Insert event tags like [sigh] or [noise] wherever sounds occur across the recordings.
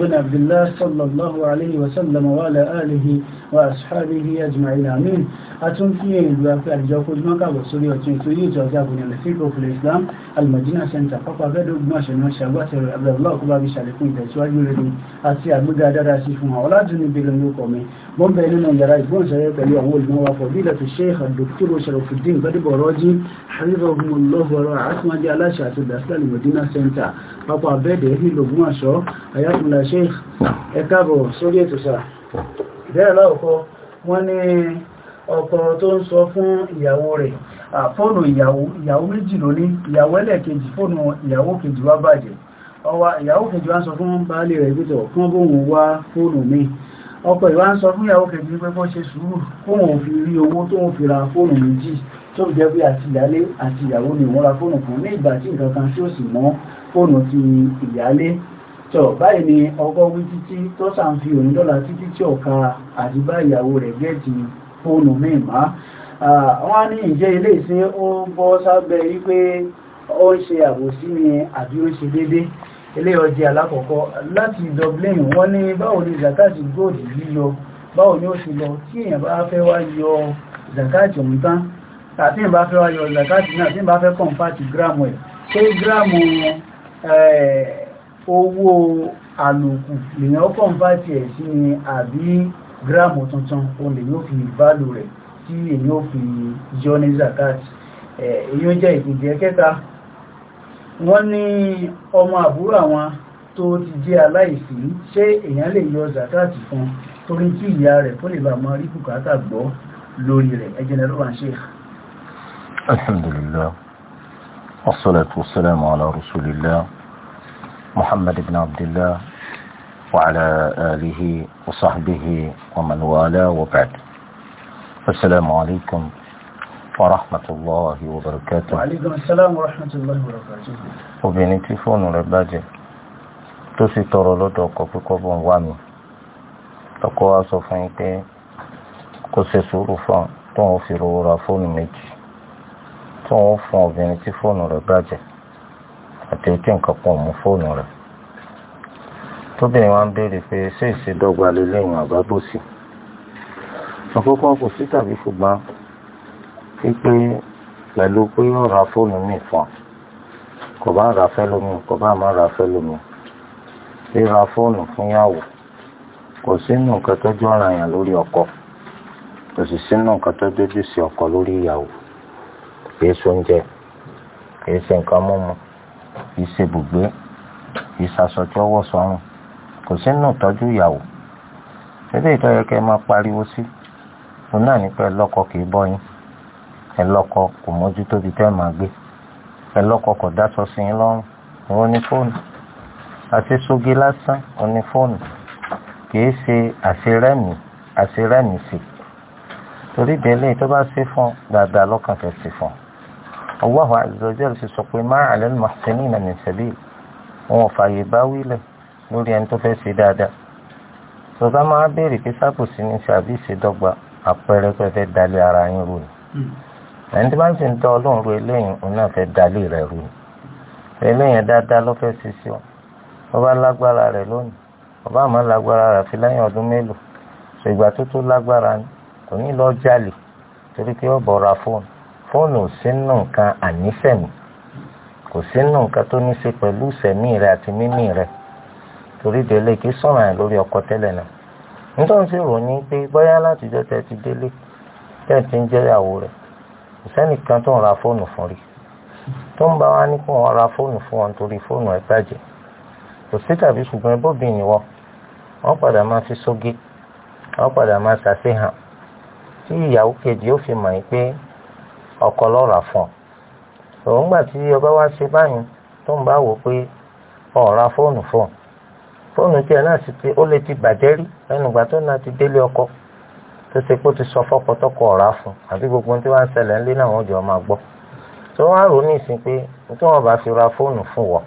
بن عبد الله صلى الله عليه وسلم وعلى آله وأصحابه أجمعين آمين أتنفي الوافع الجوكو جمعك وصولي وتنسولي وتوزابون الفقه في الإسلام المدينة سنتا فقا بدو بماشا نوشا واتر عبد الله كبابي شالكون تسواجي لدي أتيا بدا دراسي فما ولا جنبي لن wọ́n bẹ̀rẹ̀ nínú yàrá ìgbóhùnsáyẹ́ pẹ̀lú àwọn olùmọ́wà fọ̀bílẹ̀ tó ṣe àdòkúrò ṣàròfìdín gbadébọ̀rọ́jí àríwọ̀gbọ̀lọ́wọ̀rọ̀ àtúnwájí aláṣà àti ìdásílẹ̀ medina center pápá abẹ́ẹ̀dẹ̀ nílògún àṣọ ayatollah sheikh ẹ̀kàbọ̀ sórí ètò sà bẹ́ẹ̀ láòkọ́ wọ́n ní ọkọ tó ń sọ fún ìyàwó rẹ̀ fóònù ìyàwó méjì lóní ìyàwó ẹlẹ́ẹ̀kejì fóònù ìyàwó kejì wá bàjẹ́ ọwà ìyàwó kejì wá sọ fún baálé rẹ̀ gbẹ́tọ̀ fún bóun wá fóònù míì ọkọ ìwá ń sọ fún ìyàwó kẹ̀kẹ́ pé kó ṣe sùúrù fóun ò fi rí owó tó ń fi ra fóònù méjì tó jẹ́ pé àti ìyálé àti ìyàwó ni wọ́n ra fóònù kan ní ìgbà tí nǹkan kan tí ó sì mọ́ fóònù ti ìyálé tọ̀ báyìí ni ọkọ wí títí tó sàn fi òun dọ́là títí tí ọ̀ka àti bá ìyàwó rẹ̀ gẹ̀ẹ́tì fóònù míì má wọ́n á ní ìjẹ́ ilé ìsìn ó bọ́ sábẹ́ wípé ó ń ṣe àbòsí ni àbí ó ń ṣe déédéé ilé ọjẹ́ alákọ̀ọ́kọ́ láti dublin wọ́n ní báwo ni zakati gold yíyọ báwo ni ó ṣe lọ tí èyàn bá fẹ́ wá yọ zakati òun tán tàbí èyàn bá fẹ́ wá yọ zakati náà tí èyàn bá fẹ́ kọ̀ǹfàtì gíráàmù ẹ̀ pé gíráàmù owó àlòkù lèyàn kọ̀ǹfàtì ẹ̀ sí ni àbí gíráàmù tuntun òun lèyàn fi ìbálò rẹ̀ tí èyàn fi yọ ní zakati èyàn jẹ́ ìpìlẹ̀ kẹta wọ́n ní ọmọ àbúrò àwọn tó ti jẹ́ aláìsí ṣé èèyàn lè yọ zakati fún torí kí ìyá rẹ̀ kó lè mọ́ rí bùkátà gbọ́ lórí rẹ̀ ẹjẹ́nà ló wọ́n ṣe alhamdulillah wassalatu wassalamu ورحمة الله وبركاته وعليكم السلام ورحمة الله وبركاته obìnrin tí fóònù rẹ̀ bàjẹ́ tó sì tọrọ lọ́dọ̀ ọkọ pé kó bọ̀ ń wá mi ọkọ wa sọ fún yín pé kó ṣe sùúrù fún tó ń fi rówó ra fóònù méjì tó ń fún obìnrin tí fóònù rẹ̀ bàjẹ́ àti ojú nǹkan pọ̀ mú fóònù rẹ̀ tóbìnrin wa ń béèrè pé ṣé ìṣèdọ́gba lè lẹ́yìn àbábòsí àkọ́kọ́ kò sí tàbí ṣùgbọ́n wípé pẹ̀lú pé yóò ra fóònù mi fún kò bá ra fẹ́ lómi kò bá má ra fẹ́ lómi ríra fóònù fún yàwó kò sínú nǹkan tó jọ ara yàn lórí ọkọ kò sì sínú nǹkan tó dójú sí ọkọ lórí ìyàwó kìí sóúnjẹ kìí ṣe nǹkan mímu kìí ṣe bùgbé kìí ṣaṣọ tí ọwọ́ sọrùn kò sínú ìtọ́jú ìyàwó ṣébí ìtọ́jú kẹ́ máa pariwo sí òun náà ní pẹ́ lọ́kọ kìí bọ́yìn ẹ lọ́kọ kò mójútó ibi tẹ́ máa gbé ẹ lọ́kọ kò dáṣọ sí yín lọ́rùn òun ní fóònù àti sógi lásán òun ní fóònù kìí ṣe àṣerẹ́mì àṣerẹ́mì sí torí délé tó bá ṣe fún dáadáa lọ́kàn fẹ́ ṣe fún Allahu azza wa jalla sọ pé má alal muhsinina min sabil wọn ò fààyè bá wílẹ̀ lórí ẹni tó fẹ́ ṣe dáadáa sọ̀gá máa béèrè pé sábòsí ní ṣe àbí ìṣèdọ́gba àpẹẹrẹ pẹ́ẹ́fẹ́ dalẹ̀ ara yín rò ní. ẹni tí wọ́n sì ń dán ọlọ́run ro eléyìí òun náà fẹ́ dalé rẹ̀ ru eléyìí dáadáa ló fẹ́ ọ bá lágbára rẹ̀ lónìí wọ́n bá lágbára rẹ̀ fi lẹ́yìn ọdún mélòó ṣègbà tó tó lágbára ni kò ní lọ torí pé ra fóònù fóònù ò sí nù nǹkan àníṣẹ̀mí kò sí nù nǹkan tó ní ṣe pẹ̀lú ìṣẹ̀mí rẹ̀ àti mímí rẹ̀ torí délé kí sọ̀rọ̀ ẹ̀ lórí ọkọ tẹ́lẹ̀ náà nítorí sì pé látijọ́ ti délé tẹ́ ti ń kò sẹ́nìkan tó ń ra fóònù fún rí tó ń bá wá ní kó wọn ra fóònù fún wọn torí fóònù ẹ̀ bàjẹ́ kò sí tàbí ṣùgbọ́n ẹbọ́bìn ni wọ́n wọ́n padà máa fi sóge wọ́n padà máa ṣàṣehàn tí ìyàwó kejì ó fi mọ̀ yín pé ọkọ lọ́ra fún ọ òun gbà tí ọba wá ṣe báyìí tó ń bá wò pé ọ̀ra fóònù fún ọ fóònù tiẹ̀ náà ti ó lè ti bàjẹ́ rí ẹnu tó náà ti délé ọkọ tó ṣe pé ó ti sọ fọ́kọ tọkọ ọ̀rá fún àti gbogbo ohun tí wọ́n ń ṣẹlẹ̀ ńlé náà wọ́n jọ máa gbọ́ tó wọ́n á rò ní ìsìn pé tí wọ́n bá fi ra fóònù fún wọ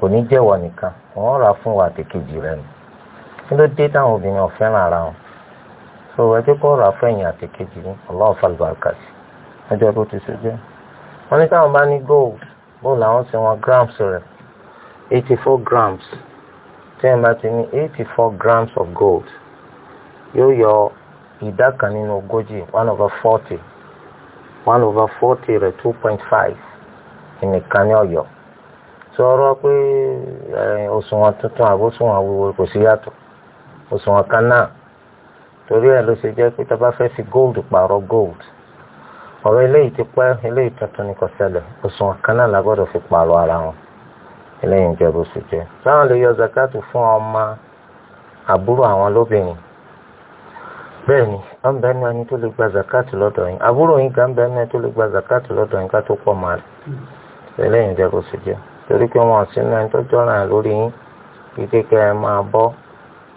kò ní jẹ́wọ́ nìkan wọ́n rà fún wa àtẹ̀kejì rẹ̀ nù kí ló dé táwọn obìnrin ọ̀fẹ́ràn ara wọn so ẹjẹ́ kọ́ rà fún ẹ̀yìn àtẹ̀kejì ní ọlọ́run falùbáríkà sí ẹjọ́ tó ti ṣe jẹ́ wọ́n ní táwọn bá ní gold gold làwọn ṣe wọn grams rẹ̀ eighty four grams tí wọ́n bá ti ní eighty four grams of gold yóò yọ ìdá kan nínú ogójì one over forty one over forty rẹ two point five ìnìkan ní pé tuntun àbòṣùwọ̀n awúwo kò sí yàtọ̀ òṣùwọ̀n kan náà torí ẹ̀ ló ṣe pé fi gold pààrọ̀ gold ọ̀rọ̀ eléyìí ti pẹ́ eléyìí tuntun ni kò ṣẹlẹ̀ òṣùwọ̀n kan náà la fi pààrọ̀ ara wọn eléyìí ń jẹ́ bó ṣe jẹ́ sáwọn lè yọ zakatu fún ọmọ àbúrò àwọn lóbìnrin bẹ́ẹ̀ni à ń bẹnu ẹni tó lè gba zakat lọ́dọ̀ yín àbúrò yín kan bẹnu ẹni tó lè gba zakat lọ́dọ̀ yín ká pọ̀ máa kó sì torí pé tó lórí yín ẹ máa bọ́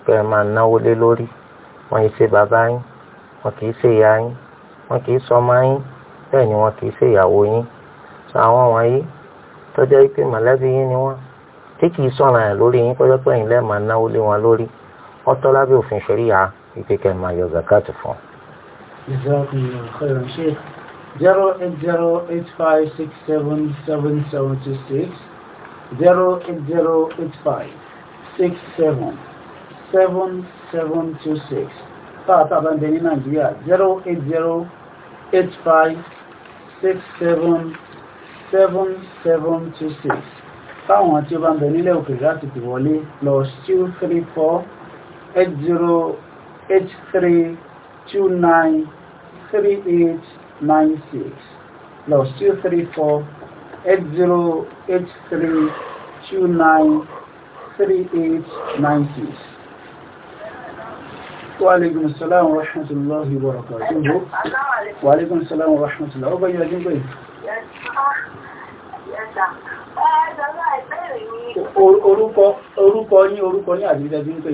ẹ máa náwó lé lórí yìí ṣe bàbá yín kì í ṣe ìyá yín kì í yín bẹ́ẹ̀ ni kì í ṣe ìyàwó yín wípé kẹ́ máa yọ zakat fún. zero eight zero eight five six seven seven seven two six zero eight zero eight five six seven seven seven two six tààtà bá ń bẹ ní nàìjíríà zero eight zero eight five six seven seven seven two six fáwọn tí ó bá ń bẹ nílẹ̀ òkèèrè láti tìwọlé plus two three four eight zero H 83293896 plus 234 8083293896. Wàlégún Sàlámù Ràhmàtàláhì Bọ̀rọ̀kàtúhù. Wàlégún Sàlámù Ràhmàtàláhì. Ó báyé ọdún gbé. Orúkọ ní orúkọ ní àdíjẹ́ bí ń pè.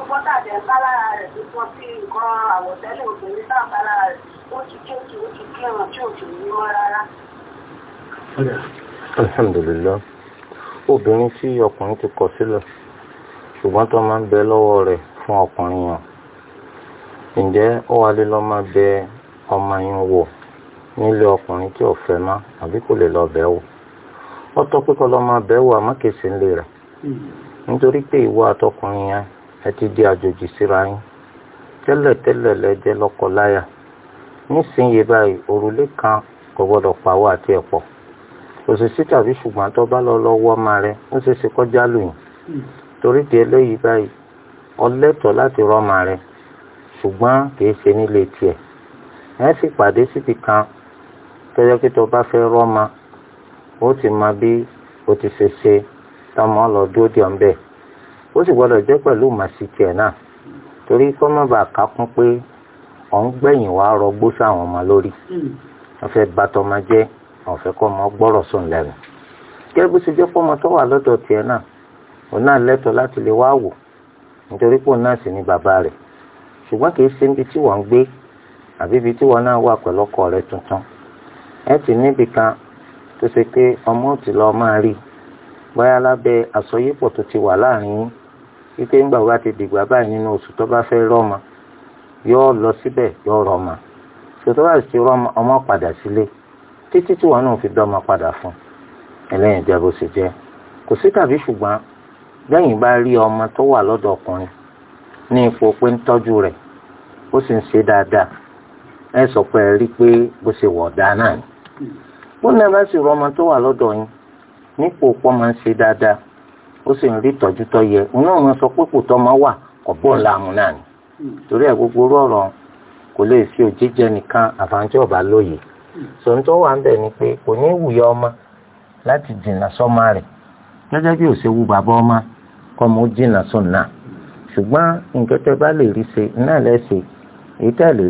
gbogbo tàbí ẹ̀ka lára rẹ̀ tó sọ sí nǹkan àwọ̀tẹ́lẹ̀ obìnrin tàbí lára rẹ̀ ó ti kéèkì ó ti kírun tí ò sì ní mọ́ rárá. alhamdulillah obìnrin tí ọkùnrin ti kọ sílẹ̀ ṣùgbọ́n tó máa ń bẹ lọ́wọ́ rẹ̀ fún ọkùnrin yẹn ǹjẹ́ ó wá lé lọ́ máa bẹ ọmọ yẹn wò nílé ọkùnrin tí ò fẹ́ má àbí kò lè lọ bẹ̀ wò ó tọ́ pé kọ́ lọ́ máa bẹ̀ wò àmọ́ kèsì ńlẹ̀ rẹ̀ hmm. nítorí pé ìwọ àtọkùnrin yẹn ẹ ti di àjòjì síra yín tẹ́lẹ̀tẹ́lẹ̀ lẹ́jẹ́ lọ́kọ láya nísìnyí báyìí òrùlé kan kò gbọ́dọ̀ pawọ́ àti ẹ̀pọ̀ òṣìṣẹ́ tàbí ṣùgbọ́n tó bá lọ lọ́wọ́ ọmọ rẹ ó ṣe ṣe kọjá lóyún torí di eléyìí báyìí ọlẹ́tọ̀ láti rọ́mọ rẹ ṣùgbọ́n kìí ṣe nílé tiẹ̀ ẹ sì pàdé síbi kan tọ́jọ́ pé tó bá fẹ́ rọ́mọ ó ti mọ bí ó ti ṣe ṣe tọmọ lọ dúró dì ń bẹ́ẹ̀. o sì gbọ́dọ̀ jẹ́ pẹ̀lú màsí tiẹ̀ náà torí kọ́ má bàa kà kún pé ọ̀ ń gbẹ̀yìn wá rọgbó sáwọn ọmọ lórí wọ́n fẹ́ bà jẹ́ wọ́n kọ́ ọmọ gbọ́rọ̀ sùn lẹ́nu kí ẹbí ṣe jẹ́ tó láti lè nítorí pé òun náà sì ni bàbá rẹ̀ ṣùgbọ́n kì í ṣe níbi tí wọ́n ń gbé àbí ibi tí wọ́n náà wà pẹ̀lú ọkọ rẹ̀ tuntun ẹ ti níbi kan tó ṣe pé ọmọ lọ wípé ńgbà wá ti dìgbà báyìí nínú oṣù tó bá fẹ́ rọ́mọ yóò lọ síbẹ̀ yóò rọ́mọ ṣètò bá ti rọ́mọ ọmọ padà sílé títí tí wọn náà fi dọ́mọ padà fún ẹlẹ́yìn ìjẹ́ bó ṣe jẹ́ kò sí tàbí ṣùgbọ́n lẹ́yìn bá rí ọmọ tó wà lọ́dọ̀ ọkùnrin ní ipò pé ń tọ́jú rẹ̀ ó sì ń ṣe dáadáa ẹ sọ pé ẹ rí pé bó ṣe wọ̀ náà ni ó sì ń rí ìtọ́jú tó yẹ òun náà sọ pé kò tọ́mọ wà ọ̀bọ̀n hmm. làmù náà ni hmm. torí ẹ̀ gbogbo rọ̀rọ̀ kò lè fi nìkan lóye hmm. sọ̀ńtọ́ bẹ̀ ni pé kò ní wùyọ ọmọ láti dìnnà sọ́mà rẹ̀ gẹ́gẹ́ bí òṣè wu bàbá ọmọ kọ́mọ ó dènà sọ̀nà ṣùgbọ́n nǹkan tẹ́ bá lè rí ṣe náà lẹ́sẹ̀ èyí tẹ́ lè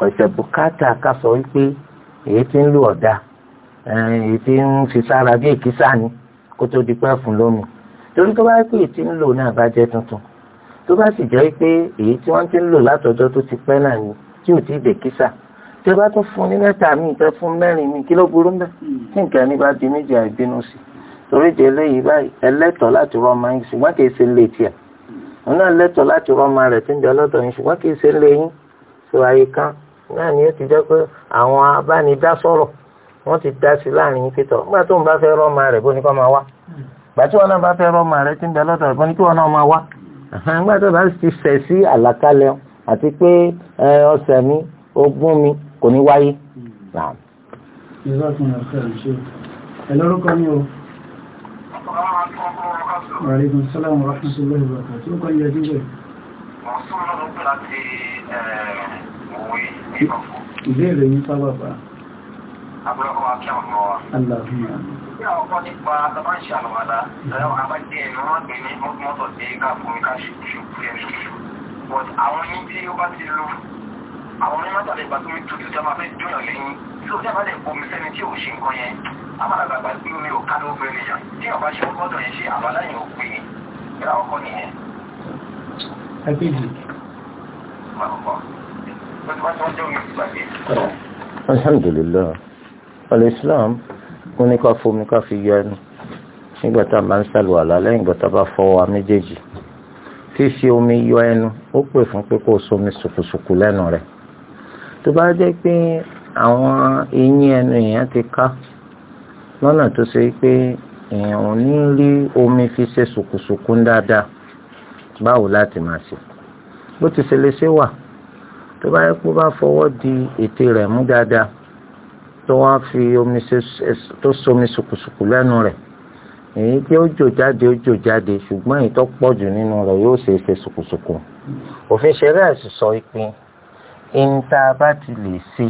kọ̀ṣẹ̀ bùkátà ká sọ wípé èyí tí ń lò ọ̀dà èyí tí ń fi sára bí èkísà ni kó tó di pẹ́ fún lómi torí tó bá pé èyí tí ń lò náà bá jẹ́ tuntun tó bá sì jẹ́ pé èyí tí wọ́n ti ń lò látọjọ́ tó ti pẹ́ náà ni tí ò ti dèkísà tí bá tún fún ní mẹ́ta mi ìfẹ́ fún mẹ́rin mi kí ló burú mbẹ́ tí nǹkan ní bá di méjì àìbínú sí torí di eléyìí báyìí ẹlẹ́tọ̀ọ́ láti rọ ọmọ yín ṣùgbọ́n kì í ṣe lè tiẹ̀ òun náà lẹ́tọ̀ọ́ láti rọ ọmọ rẹ̀ tí ń bẹ ọlọ́dọ̀ yín ṣùgbọ́n kì í ṣe lè yín ṣe àyíká náà ni ó ti jẹ́ pé àwọn abánidásọ̀rọ̀ wọ́n ti dá sí láàrin yín pétọ̀ nígbà tó ń bá fẹ́ rọ́ọ̀mà rẹ̀ bó ní kọ́ máa wá gbà tí wọn náà bá fẹ́ rọ́ọ̀mà rẹ̀ ti ń bẹ lọ́dọ̀ rẹ̀ bó ní kí wọn náà máa wá nígbà tó bá ti fẹ̀ sí àlàkalẹ̀ àti pé ọ̀sẹ̀ mi ogún mi kò ní wáyé. ẹ lórúkọ mi o. Wàlẹ́kùn sálàmù rahmatullahi wa barakatuh. Ó kọ́ ìyẹ́jú bẹ̀. Wọ́n sọ̀rọ̀ nípa ti òwe ìbéèrè yín sábàbà àbúrọ̀kọ́ akẹ́wọ̀n lọ́wọ́ aláàbíyà ní àwọn ọkọ̀ nípa tàbáṣì àlọ́wàdá ẹ̀rọ àbájẹ́ ẹ̀rọ ọ̀gbìn ní mọ́tò sí káàkùn ká ṣùkú ẹ̀rọ but àwọn yìí tí ó bá ti lò àwọn onímọ̀tò àlẹ́gbà tó ní tuntun jẹ́ máa fẹ́ dúnyàn lẹ́yìn tí ó jábá lè bomi sẹ́ni tí ò ṣe nǹkan yẹn amàlàgbàgbà tí mi ò ká ló fẹ́ nìyàn tí ọba ṣe ọgọ́dọ̀ yẹn ṣe àbálá yẹn ò pè é ẹ̀rọ ọkọ̀ nìyẹn alhamdulilayi alislam wọn ní ká fomi ká fi yọ ẹnu nígbà tá a máa ń ṣàlùwàlá lẹ́yìn ìgbà tá a bá fọwọ́ wa méjèèjì fífi omi yọ ẹnu ó pè fún pé kó o somi sùkùsùkù lẹ́nu rẹ̀ tó bá jẹ́ pé àwọn eyín ẹnu èèyàn ti ká lọ́nà tó ṣe pé èèyàn ò ní rí omi fi ṣe sùkùsùkù dáadáa báwo láti máa ṣe bó ti ṣe lè ṣe wà tó bá yẹ kó bá fọwọ́ di ètè rẹ̀ mú dáadáa tó wá fi omi tó somi sùkùsùkù lẹ́nu rẹ̀ èyí tí ó jò jáde ó jò jáde ṣùgbọ́n èyí tó pọ̀ jù nínú rẹ̀ yóò ṣe é ṣe sùkùsùkù òfin ṣeré ẹ̀sìn sọ ìpín ìta bá ti lè ṣe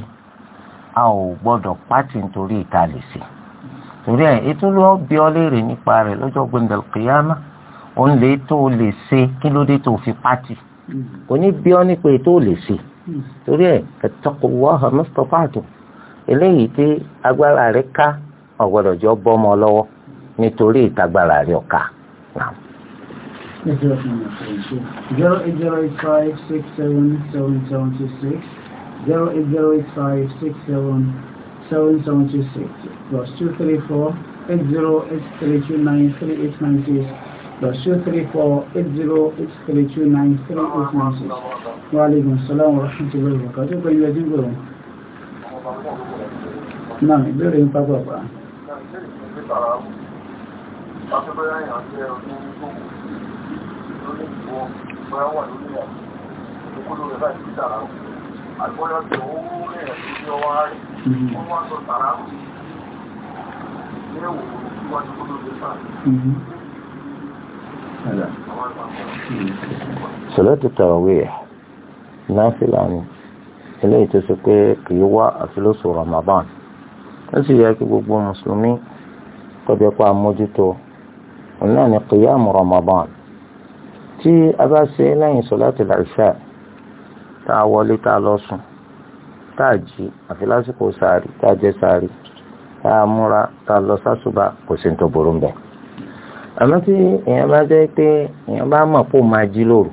a ò gbọ́dọ̀ pátì nítorí ìta lè ṣe torí ẹ̀ ètò ló bí ọ léèrè nípa rẹ̀ lọ́jọ́ gbẹ̀ndẹ̀l kìyàmá òun lè tó lè ṣe kí ló dé tó fi pátì kò ní bí ọ nípa ètò lè ṣe torí ẹ̀ fattaqullaha mastata'tum eléyìí tí agbára rẹ̀ ká ọ̀gbọ́dọ̀ jọ bọ́mọ lọ́wọ́ nítorí ìtagbára rẹ̀ ọ̀ka. zero eight zero eight five six seven seven seven two six zero eight zero eight five six seven seven seven two six plus two three four eight zero eight three two nine three eight nine six plus two three four eight zero eight three two nine three eight nine six. Wa aleykum salaam wa rahmatullahi wa barakatuh. Pẹ̀lú ẹjọ́ gbòòrò. Náà ìbéèrè ń صلاة التراويح نافلة ni eléyìí tó ṣe pé kì wá àfilóso Ramadan ó sì yẹ kí gbogbo mùsùlùmí tọ́jú pa mójútó òun náà ni kìyàmù Ramadan tí a bá ṣe lẹ́yìn sọláàtì làṣà tá a wọlé tá a lọ sùn tá a jí àfi lásìkò tá a jẹ sàárì tá a múra tá a lọ sásùbà kò sí ní tó burú bẹ́ẹ̀ àmọ́ tí èèyàn bá jẹ́ pé èèyàn bá mọ̀ pò máa jí lóru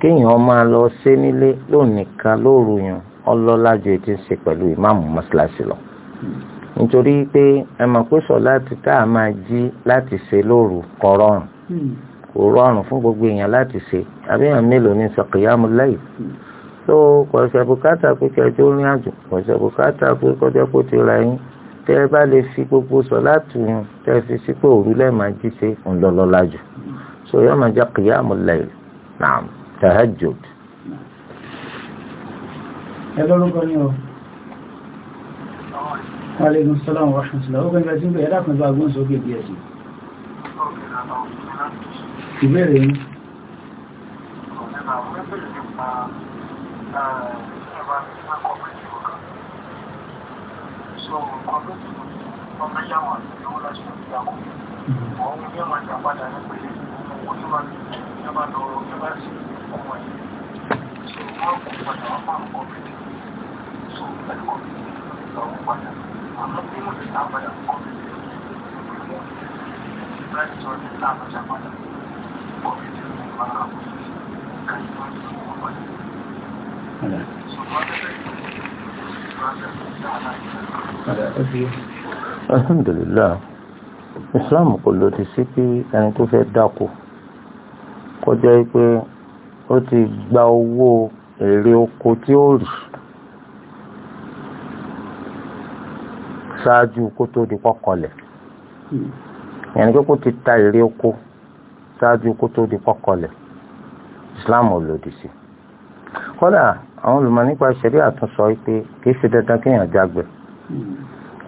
kéèyàn máa lọ ṣe nílé lónìkan lóru yàn ọlọ́lá ju ètí ń ṣe pẹ̀lú ìmáàmù mọ́ṣáláṣí lọ nítorí pé ẹ mọ̀ pé sọ láti tá a máa jí láti ṣe lóru kò rọrùn hmm. kò rọrùn fún gbogbo èèyàn láti ṣe àbí èèyàn mélòó ní sọkìyàmù lẹ́yìn tó kọ̀ọ̀ṣẹ̀ bùkátà pé kẹjọ́ rìn àjò kọ̀ọ̀ṣẹ̀ bùkátà pé kọjá kó ti ra yín tẹ́ ẹ bá lè fi gbogbo sọ láti yun tẹ́ ẹ fi sípò òru lẹ́ẹ̀ma jí ṣe ńlọlọ́lá jù so yóò máa jẹ́ qiyamul layl naam tahajjud. ẹ lórúkọ ni o aleykum salaam wa rahmatulah ó gbẹ́gbẹ́ sí pé ẹ̀dá kan bá gbọ́n sókè díẹ̀ sí ìbéèrè yìí ọ̀nà àwọn ẹgbẹ̀rẹ̀ nípa ẹ̀rọ akọ̀ọ̀mọ̀ ìṣòro sọ nǹkan tó sì wọ́n ọmọ yá wọn àti ìyàwó láti ṣe ìyàwó àwọn ọmọ yẹn máa jà padà ní pé owó tó máa ní ẹ máa lọ ẹ máa sì ọmọ yìí so wọ́n kò padà wọ́n máa ń kọ́ bí so ẹ̀kọ́ bí ìyàwó padà àmọ́ bí wọ́n ti ta padà kọ́ bí láti sọ ní láàbàjá padà kọ́ bí tí wọ́n máa ń kọ́ bí kàyí wọ́n ti wọ́n padà so wọ́n tẹ́lẹ̀ Alhamdulillah, islam kò lòdì sí pé ẹni tó fẹ́ dáko kó jẹ́ pé ó ti gba owó èrè oko tí ó rì ṣáájú kó tó di kọ́kọ́lẹ̀ yẹn pé kó ti ta èrè oko ṣáájú kó tó di kọ́kọ́lẹ̀ islam ò lòdì sí kódà àwọn olùmọ̀ nípa ìṣẹ̀rí àtúnsọ pé kì í ṣe dandan kéèyàn jágbẹ̀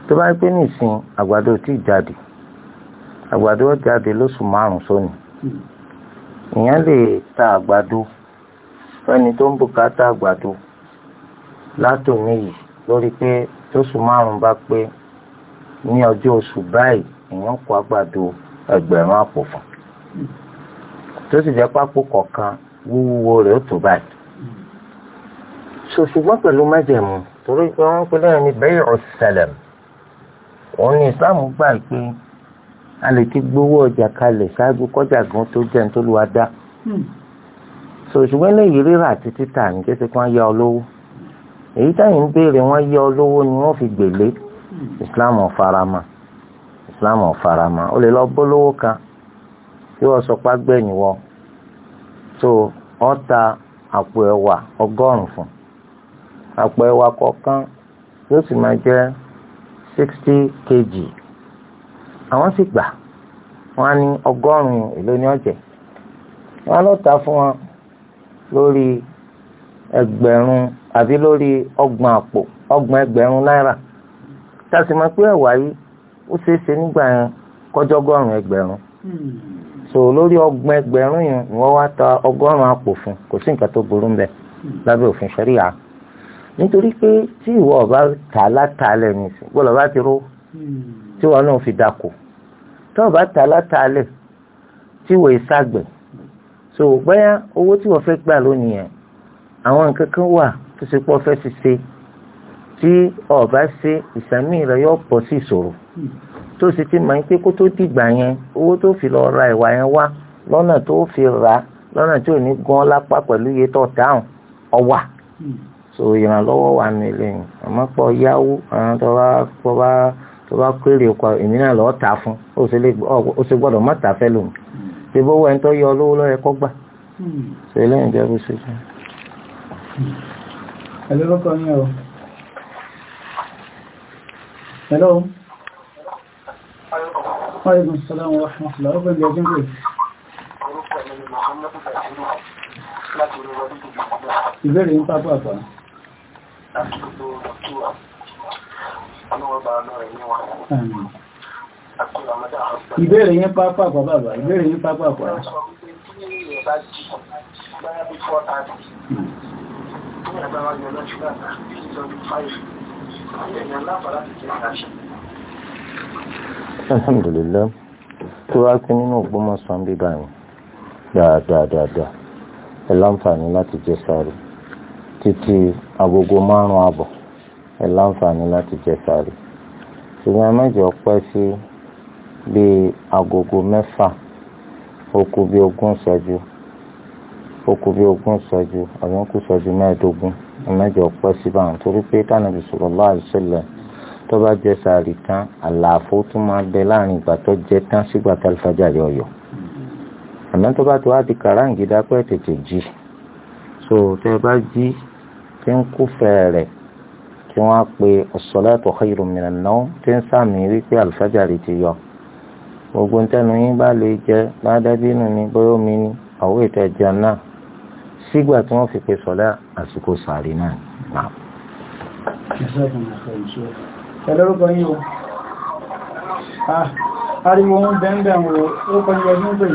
tó bá pé ní ìsìn àgbàdo tí jáde àgbàdo jáde lóṣù márùn sóni èèyàn lè ta àgbàdo fẹ́ni tó ń bùkátà àgbàdo látòmí yìí lórí pé tóṣù márùn bá pé ní ọjọ́ oṣù báyìí èèyàn kó àgbàdo ẹgbẹ̀rún àpò fún tó sì jẹ́ pápó kọ̀ọ̀kan wúwo rẹ̀ ó tó báyìí so ṣùgbọ́n pẹ̀lú májẹ̀mú torí pé wọ́n ń pè lẹ́yìn ní bẹ́ẹ̀ ọ̀sẹ̀lẹ̀m òun ni islam gbà pé a lè ti gbowó ọjà kalẹ̀ ṣáájú kọjá gan tó jẹun tó lù wá dá hmm. so ṣùgbọ́n eléyìí rírà àti títà ní kété kí yá ọ lówó èyí táyì ń béèrè wọ́n yá ọ lówó ni wọ́n fi gbèlé hmm. islam ọ̀farama islam ọ̀farama ó lè lọ bólówó kan tí wọ́n sọ pé agbẹ́yìn wọ so ọ̀ta àpò ẹ̀wà ọgọ́rùn-ún fún un àpò ẹ̀wà kọ̀ọ̀kan yóò sì máa jẹ́ sixty kg àwọn sì gbà wọn á ní ọgọ́rùn-ún èlò ní ọ̀jẹ̀ wọ́n á lọ tà fún wọn lórí ẹgbẹ̀rún àbí lórí ọgbọ̀n àpò ọgbọ̀n ẹgbẹ̀rún náírà tá a sì máa pé ẹ̀wà yìí ó ṣeé so lórí ọgbọ̀n ẹgbẹ̀rún yẹn ni ta ọgọ́rùn-ún àpò fún kò sí nǹkan tó burú lábẹ́ nítorí pé tí ìwọ ọba tà látàlẹ̀ nìsín gbọ́dọ̀ bá ti ró hmm. tí wọn náà fi dako tó ọba tà látàlẹ̀ tí wọ́n ìsàgbẹ̀ so bóyá owó tí wọ́n fẹ́ gbà lónìí yẹn àwọn nǹkan kan wà tó ṣe pọ́ fẹ́ ti ṣe tí ọba ṣe ìsàmì rẹ yóò pọ̀ sí ìṣòro hmm. tó sì ti máa ń pé kó tó dìgbà yẹn owó tó fi lọ ra ìwà yẹn wá lọ́nà tó fi rà lọ́nà tí ò ní gan lápá pẹ̀lú iye tó dáhùn ọwà so ìrànlọ́wọ́ wà nù ilé yìí àmọ́ pọ̀ yáwó àwọn tó bá pọ̀ bá tó bá kéré ọkọ̀ èmi náà lọ́ọ́ ta fún ó sì gbọ́dọ̀ má ta fẹ́ lòun ṣe bó wẹ́n tó yọ olówó lọ́yẹ kọ́ gbà ṣe lẹ́yìn jẹ́ bó ṣe jẹ́. Hello lọ́kọ̀ yín Hello. Aleykum salaam wa rahmatulah. Ọgbẹ́ ìgbẹ́ ọdún gbé. Ìbéèrè ń pápá àpá láti gbogbo kíwà ọlọ́wọ́bà náà rẹ̀ níwà ìbéèrè yẹn pápápá bàbá ìbéèrè yẹn alhamdulillah tó wá sí nínú Ògbómọ̀ṣọ́ ń bíbá yìí dáadáa dáadáa ẹ láǹfààní láti jẹ sáré títí agogo márùn-ún àbọ̀ ẹ láǹfààní láti jẹ sààrì ṣùgbọ́n mẹ́jọ pẹ́ sí bíi agogo mẹ́fà ó kù bíi ogún ìṣẹ́jú ó kù bíi ogún ìṣẹ́jú àwọn kù ìṣẹ́jú mẹ́ẹ̀ẹ́dógún mẹ́jọ pẹ́ sí báwọn torí pé kánàbì sallallahu alaihi wasallam tó bá jẹ sààrì tán àlàfo tún máa bẹ láàrin ìgbà tó jẹ tán sígbà tá alifájàre ọ̀yọ́ àmọ́ tó bá ti wá di kàráǹgídá pẹ́ tètè jí so tẹ́ bá jí tí ń kúfẹ̀ẹ́ rẹ̀ tí wọ́n á pe as-salatu khayrun minan nawm tí ń sàmì wípé àlùfájàrí ti yọ gbogbo ntẹnu yín bá lè jẹ ládàbínú ni bóyá omi ni àwọn ètò ẹ̀jẹ̀ náà sígbà tí wọ́n fi pe sọ̀lá àsìkò sàárì náà nà. ẹlọ́rọ̀kọ yìí o ah, ariwo ń bẹ́ẹ̀bẹ̀ wo ó kọ́ yẹ ní pé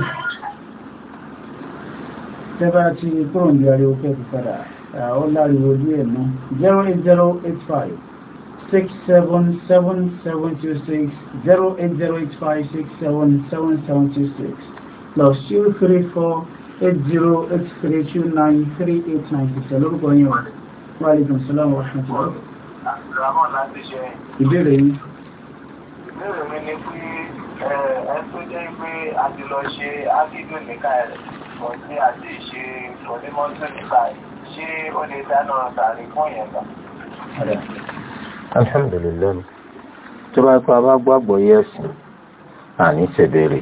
tẹ́bà ti kúrò ní ariwo kẹ́ẹ̀kì padà Uh, ó lárí ojú ẹ̀ mọ́ zero eight zero eight five six seven seven seven two six zero eight zero eight five six seven seven seven two six plus two three four eight zero eight three two nine three eight nine six ẹ̀ ìbéèrè yìí. ìbéèrè mi ni pé ẹni tó jẹ́ pé a ti lọ ṣe ágídùn nìka rẹ̀ kò sí àti ìṣe kò ní mọ́tò ṣé ó lè dáná sàárè fún yẹn gbà. alhamdulilayi tó bá pa bá gbàgbọ́ yẹ ẹ̀sìn àní ṣèbéèrè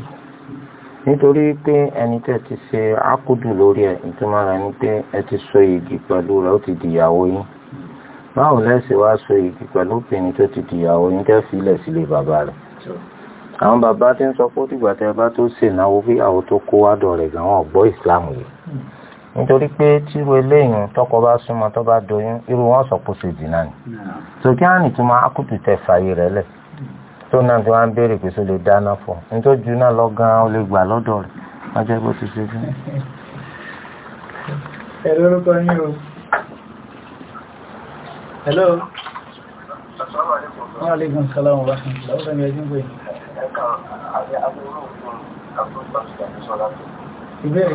nítorí pé ẹni tẹ́ ti ṣe ákúdù lórí ẹ̀ ìtumọ̀ rẹ̀ ni pé ẹ ti sọ igi pẹ̀lú rẹ̀ ó ti dìyàwó yín báwo lẹ́sìn wá sọ igi pẹ̀lú obìnrin tó ti dìyàwó yín tẹ́ fílẹ̀ sílé bàbá rẹ̀ àwọn bàbá tí ń sọ pé ó dìgbà tẹ́ bá tó ṣènáwó bí àwọn tó kó wádọ̀ rẹ̀ gan-an ọ̀gbọ́ ìsìláàmù yìí nítorí pé tíru eléyìn tọkọ bá súnmọ́ tó bá doyún irú wọn sọpọsọ ìdìnnà ni sókè àní tó tẹ fàyè rẹ lẹ tó náà tó wá ń béèrè pé sọ lè dáná fọ nítorí ju náà lọ gan ó lè gbà lọ́dọ̀ rẹ̀ wọn jẹ bó ti hello. gan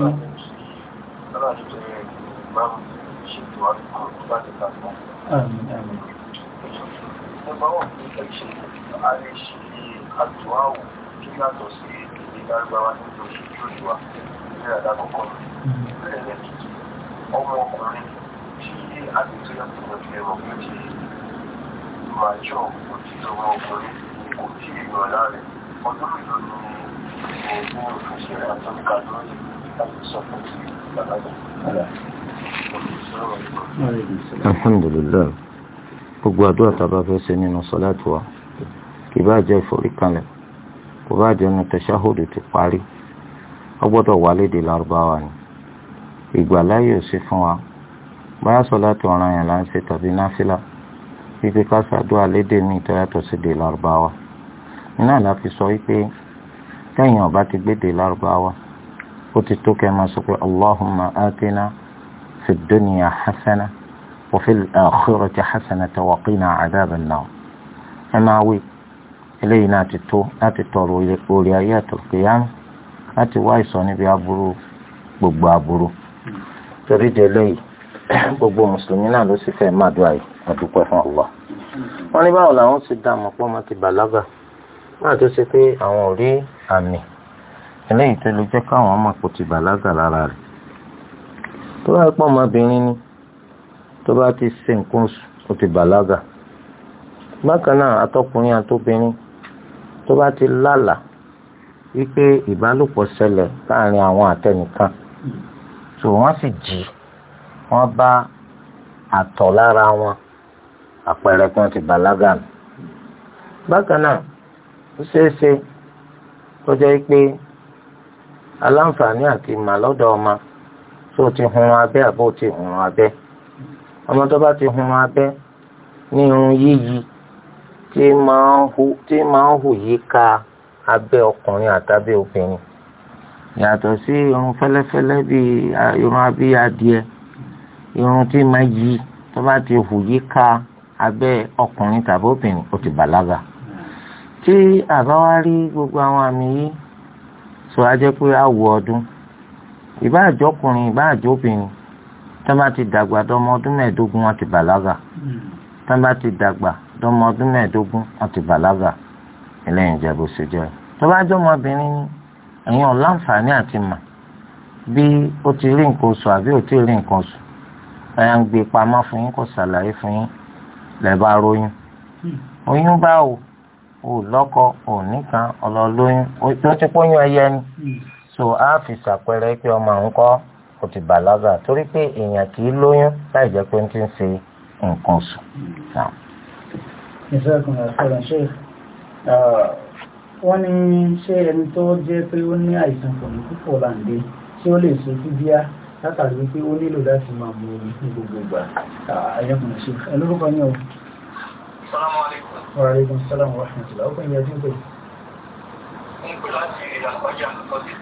wọn bá Àmín àmín. Nígbà ọgbọ́n òṣèré àtọ́ríkà lórí láti sọ sí alhamdulilayi gbogbo àdúrà tàbá fẹ́ ṣe nínú sọ́láàtì wa kì bá jẹ́ ìforíkanlẹ̀ kò bá jẹ́ ní tẹ̀síáhódù ti parí ó gbọ́dọ̀ wà lédè lárúbáwá ni ìgbà láyé ò sí fún wa báyà sọ́láàtì ọ̀ranyàn là ń ṣe tàbí náfìlà wípé ká ṣàdúrà lédè ní ìtọ́yàtọ̀ sí dè lárúbáwá iná àlàfi sọ wípé kẹ́yìn ọ̀bá ti gbé dè lárúbáwá ó ti tó kẹ́ máa sọ pé allahumma atina fi dunya hasana wa fil akhirati hasana wa qina adhaban nar ẹ máa wí eléyìí náà ti tó láti tọrọ orí ayé àtọkẹyàmù láti wá ìsọ níbi aburú gbogbo aburú torí de eléyìí [clears throat] gbogbo mùsùlùmí náà ló sì fẹ́ máa dùn àyè àdúpẹ́ fún Allah wọ́n ní báwo làwọn ti dá àmọ́ ti bàlágà náà tó ṣe pé àwọn ò rí àmì eléyìí tó lè jẹ́ káwọn ọmọ kò ti bàlágà lára rẹ̀ tó bá pọ̀ ọmọbìnrin ni tó bá ti ṣe nǹkan oṣù kò ti bàlágà bákan náà atọ́kùnrin àtọ́bìnrin tó bá ti lálàá wípé ìbálòpọ̀ ṣẹlẹ̀ láàrin àwọn àtẹnìkan tó wọ́n sì jí wọ́n bá àtọ̀ lára wọn àpẹẹrẹ kan ti bàlágà nù bákan náà ó ṣeé ṣe kó jẹ́ pé aláǹfààní àti màlọ́dọ̀ ọmọ tó ti hun abẹ́ àbó ti hun abẹ́ ọmọ tó bá ti hun abẹ́ ní irun yíyí tí máa ń hù yíká abẹ́ ọkùnrin àtàbẹ́ obìnrin yàtọ̀ sí irun fẹ́lẹ́fẹ́lẹ́ bíi irun abíyá adìẹ irun tí máa yí tó bá ti hù yíká abẹ́ ọkùnrin tàbí obìnrin ó ti bàlágà tí àbáwá rí gbogbo àwọn àmì yìí so a jẹ́ pé a wọ ọdún ìbá àjọkùnrin ìbá àjọbìnrin tí wọ́n bá ti dàgbà dọ́mọ ọdún mẹ́ẹ̀ẹ́dógún wọ́n ti bàlágà tí wọ́n bá ti dàgbà dọ́mọ ọdún mẹ́ẹ̀ẹ́dógún wọ́n ti bàlágà ẹlẹ́yìn ìjẹ́ bó ṣe jẹ́ tó bá jọ́ ọmọbìnrin ni ẹ̀yin ò láǹfààní àti mà bí ó ti rí nǹkan oṣù àbí ò tí ì rí nǹkan oṣù ẹ̀yà gbé pamọ́ fún yín kó ṣàlàyé fún yín lẹ́ẹ̀ róyún hmm. oyún báwo ò lọ́kọ ò nìkan ọlọ́lóyún tó ti kóyún ẹyẹ ni so a fi ṣàpẹẹrẹ pé ọmọ àwọn kọ́ kò ti bàlágà torí pé èèyàn kì í lóyún láì jẹ́ pé ń ti ń ṣe nǹkan oṣù. Ah, wọ́n ní ṣé ẹni tó jẹ́ pé ó ní àìsàn pẹ̀lú púpọ̀ láǹdé tí ó lè ṣe fídíà látàrí wípé ó nílò láti máa mú omi ní gbogbo ìgbà ah, ẹ̀yẹ́kùnrin ṣe ẹ lórúkọ yẹn o. Assalamu alaikum. Wa alaikum assalam wa rahmatullah. Ọkùn ìyàjú ń pè. Ń pè láti ọjà àkọsí.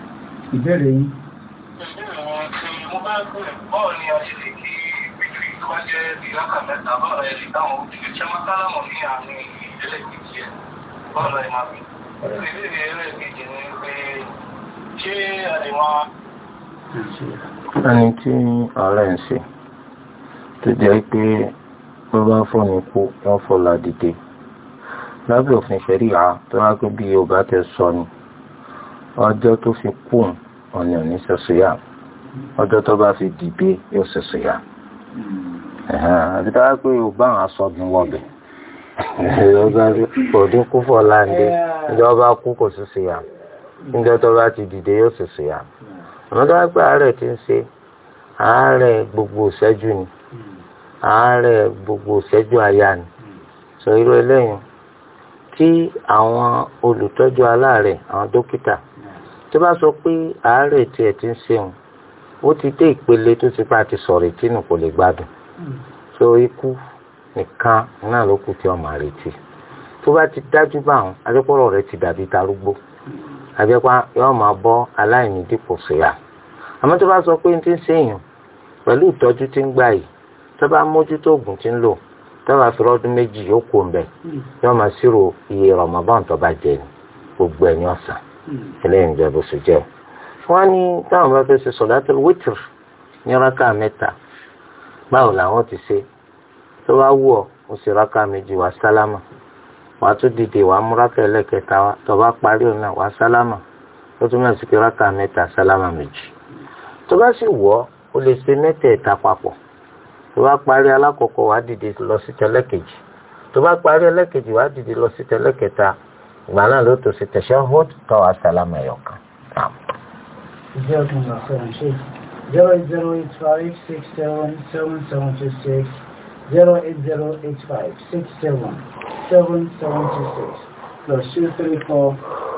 Ìbéèrè yìí. Ìbéèrè wọn ti mo bá gbé bọ́ọ̀ ni a ṣe lè kí pípì tó bá jẹ́ ìlàkà mẹ́ta bọ́ọ̀ ẹ̀ lè dáhùn òkè ṣe máa kálàmù ní àmì ìdílé ẹ̀ bọ́ọ̀lù ẹ̀ máa fi. Ìbéèrè ẹ̀rẹ́ ni pé ṣé àdìmọ́ ẹni tí ààrẹ ń ṣe tó jẹ́ pé wọ́n bá fọ́ ní kú wọ́n fọ́ la dìde lábẹ́ òfin ṣẹ̀rí à tó wá pé bí Yorùbá tẹ sọ ni ọjọ́ tó fi kú ọ̀nà òní ṣẹṣọ yá ọjọ́ tó bá fi dìde yóò ṣẹṣọ yá àti táwa pé Yorùbá àwọn asọ́gun wọ̀bẹ̀ ìjọba ọdún kú fọ́lá ń dé ìjọba kú kò ṣẹṣọ yá níjọ́ tó bá ti dìde yóò ṣẹṣọ yá ọ̀nà tó wá pé àárẹ̀ ti ń ṣe àárẹ̀ gbogbo ìṣẹ́jú ni àárẹ̀ gbogbo ìṣẹ́jú aya ni sọ irú eléyìí tí àwọn olùtọ́jú aláàrẹ̀ àwọn dókítà tó bá sọ pé àárẹ̀ tiẹ̀ ti ń ṣeun ó ti dé ìpele tó ti pa àti sọ̀rọ̀ ìtìnù kò lè gbádùn so ikú nìkan náà ló kù tí ọmọ àrètí tó bá ti dájú báwọn adépọ̀rọ̀ rẹ̀ ti dàbí tarúgbó àjẹpá yóò máa bọ́ aláìní dípò síra àmọ́ tó bá sọ pé ti ń ṣèyàn pẹ̀lú ìtọ́jú tí ń gbà yìí tó bá mójútó oògùn tí ń lò tó bá fi lọ́dún méjì yóò kó mbẹ yóò máa ṣírò iye rọmọbọ́n tó bá jẹ ni gbogbo ẹ̀ ní ọ̀sán hmm. eléyìí ń jẹ bó ṣe jẹ. wọ́n ní táwọn bá fẹ́ ṣe sọ̀dátù wítìr ní rákà mẹ́ta báwo làwọn ti ṣe tó bá wù ọ́ ó ṣe rákà méjì wá sálámà wàá tún dìde wàá mú rákà ẹlẹ́kẹta wá tó bá parí ọ̀nà wàá sálámà ó tún mẹ́sìkì rákà mẹ́ta sálámà méjì tó bá sì wù ọ́ ó lè ṣe mẹ́tẹ̀ẹ̀ta papọ̀ tó bá parí alákọ̀ọ́kọ́ wàá dìde lọ sí tẹlẹ́kejì tó bá parí ẹlẹ́kejì wàá dìde lọ sí tẹlẹ́kẹta ìgbà náà ló tó ṣe tashahhud tó wàá sálámà ẹ̀yọ̀ kan. zero eight zero eight five six seven seven seven two six zero eight zero eight five six seven seven seven two six plus two three four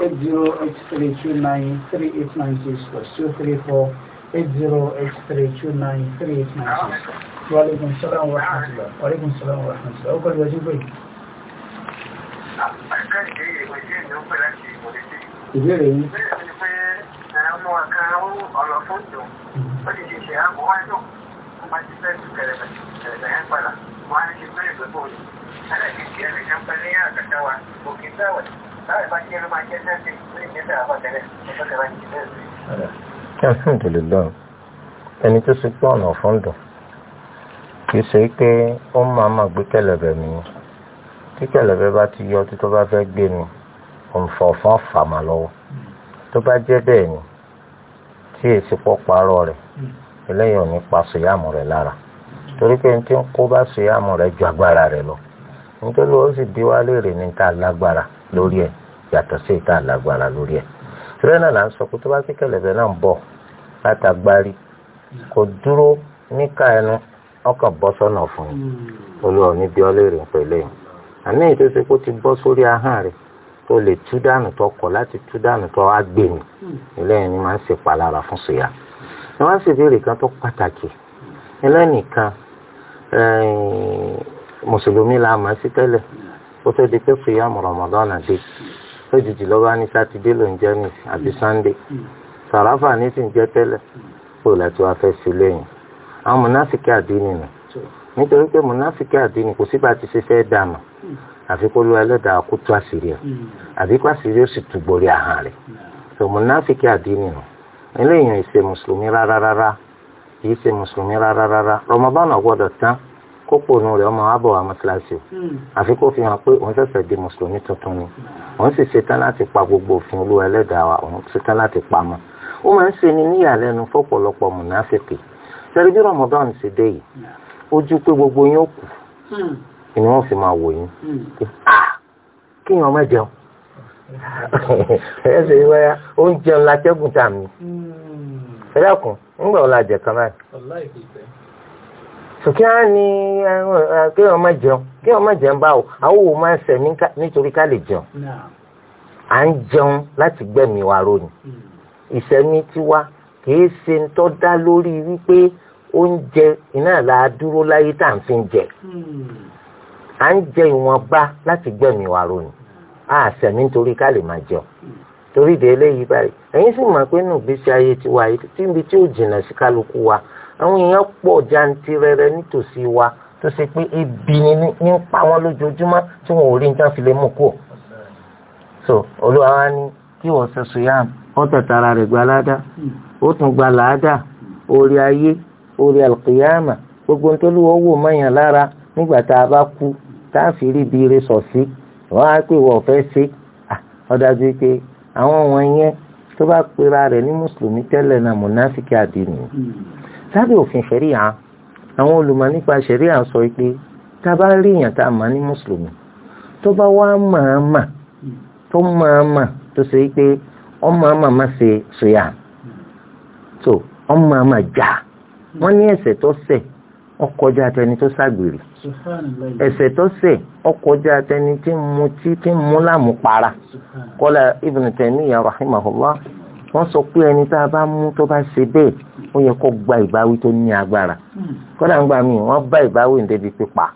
eight zero eight three two nine three eight nine six plus two three four eight zero eight three two nine three eight nine six. Wàlẹ́kùn sọ́lọ́run wà hàtùlá. Wàlẹ́kùn sọ́lọ́run wà hàtùlá. Ó kọ́lù ẹjú pé. Ìbéèrè yìí. Ọmọ ọ̀kan ọ̀rọ̀ fún ìdùn, ó ti ṣe ṣe àbúwá ìdùn, ó máa ti fẹ́ kẹrẹ̀bẹ̀ kẹrẹ̀bẹ̀ yẹn padà, wọ́n á ṣe fẹ́ ìgbẹ̀gbẹ̀ òní. Ẹlẹ́kìtì ẹ̀rẹ̀ jẹ́ pẹ́ ní àkàkà wa, òkè sáwẹ̀, láì bá jẹ́ ló máa jẹ́ kì í ṣe pé ó máa ma gbé kẹ̀lẹ̀bẹ̀ mi ni tí kẹ̀lẹ̀bẹ̀ bá ti yọ títọ́ bá fẹ́ gbé mi òǹfọ̀fọ́n fàmà lọ́wọ́ tó bá jẹ́ bẹ́ẹ̀ ni tí èsì pọ̀ parọ́ rẹ̀ eléyìí ò ní pa sùyàmù rẹ̀ lára torí pé n tí ń kó bá sùyàmù rẹ̀ ju agbára rẹ̀ lọ nítorí ó sì bí wá léèrè ní ta lágbára lórí ẹ̀ yàtọ̀ sí ta lágbára lórí ẹ̀ tìrẹ́ náà là ń sọ pé tó bá kí kẹ̀lẹ̀bẹ̀ náà ń bọ̀ látàgbárí kò dúró níka ẹnu ọkàn bọ́ sọ́nà fún un olúwa ò ní bí ọlẹ́rìí ń pẹ̀lẹ́ yìí àmì ètò ìṣe kó ti bọ́ sórí ahọ́n rẹ̀ tó lè tú dànù tó kọ̀ láti tú dànù tó wá gbè mí eléyìí ni máa ń ṣe palára fún ṣìyà ni wọ́n sì béèrè kan tó pàtàkì ẹlẹ́nìkan mùsùlùmí la mọ̀ sí tẹ́lẹ̀ ó tó di pé ṣìyà Ramadan dé lójijì lọ́wọ́ ní sátidé ló ń jẹ́ ní àbí sannde sàràfà ní sì ń jẹ́ tẹ́lẹ̀ kó láti wá fẹ́ sí lẹ́yìn àwọn mùnáfíkì àdínì nù nítorí pé mùnáfíkì àdínì kò síbà ti ṣe fẹ́ dàmà hmm. àfi kó lu ẹlẹ́dàá kó tú àṣírí ẹ̀ hmm. àbí kó àṣírí ó sì tú gbòòrè àhàn rẹ̀ tó hmm. mùnáfíkì àdínì nù eléyìí ìṣe mùsùlùmí rárá rárá kìí ṣe mùsùlùmí rárá rárá Ramadan gbọ́dọ̀ tán kó pònú rẹ̀ ọmọ abọ̀ wa mọ́tíláṣí o àfi kó fi hàn pé òun ṣẹ̀ṣẹ̀ di mùsùlùmí tuntun ni òun sì ṣetán láti pa gbogbo òfin olú ẹlẹ́dàá wa òun ṣetán láti pa mọ́ ó máa ń ṣe ni níyàlẹ́nu fọ́pọ̀lọpọ̀ mùnáfíkì sẹ́rí bí Ramadan ṣe dé yìí ojú pé gbogbo yín ó kù hmm. ni wọ́n fi máa wò yín hmm. kí yín ọmọ jẹun ẹ ṣe wáyà oúnjẹ ńlá tẹ́gùn tà mí hmm. ẹ dákun ńgbà ọ̀la jẹ kan báyìí sùkí á ní kí wọ́n má jẹun kí wọ́n má jẹun báwo àwọn òwò máa ń sẹ̀ nítorí ká lè jẹun à ń jẹun láti gbẹ̀mí wa rónì ìsẹ̀mí tiwa kìí ṣe ń tọ́ dá lórí wípé oúnjẹ iná la dúró láyé tá à ń fi jẹ à ń jẹ ìwọ̀nba láti gbẹ̀mí wa ronú a sẹ̀mí nítorí ká lè máa jẹun torí ìdè eléyìí báyìí ẹ̀yin sì mọ̀ pé nù gbèsè ayé tiwa yìí tíbi tí ò jìnnà sí kálukú wa àwọn èèyàn pọ̀ jantirẹrẹ nítòsí wa tó ṣe pé ibi ni ń pa wọn lójoojúmọ́ tí wọn ò rí nǹkan fi lè mú kó so olúwa wa ní kí wọ́n ṣe sùn yá ọ́ tẹ̀tara rẹ̀ gbalada ó tún gba làádà orí ayé orí alkiyama gbogbo ń tolú owó mọ̀yàn lára nígbà tá a bá kú tá a fi rí ibi ire sọ̀ sí wọ́n á pè wọ́n fẹ́ ṣe ọ̀dàbí pé àwọn wọn yẹn tó bá pera rẹ̀ ní mùsùlùmí tẹ́lẹ̀ náà mùnáfíkì àdínù sábẹ́ òfin ṣẹ̀ríà àwọn olùmọ̀ nípa ṣẹ̀ríà sọ pé tá a bá rí èèyàn tá a mọ̀ ní mùsùlùmí tó bá wá màmá tó màmá tó ṣe pé ọmọ màmá ṣe ṣòyà. So so ọmọ àmà já wọ́n ní ẹ̀ṣẹ̀ tó ṣẹ̀ ọkọjá àtẹni tó ṣàgbèrè ẹ̀ṣẹ̀ tó ṣẹ̀ ọkọjá àtẹni tí mu tí tí mu láàmú para kọ́lá Ibn Taymiyyah rahimahullah wọ́n sọ pé ẹni tá a bá mú tó bá ṣe bẹ́ẹ̀ ó yẹ kó gba ìbáwí tó ní agbára hmm. kọ́lá ń gbà mí wọ́n bá ìbáwí ń débi pípa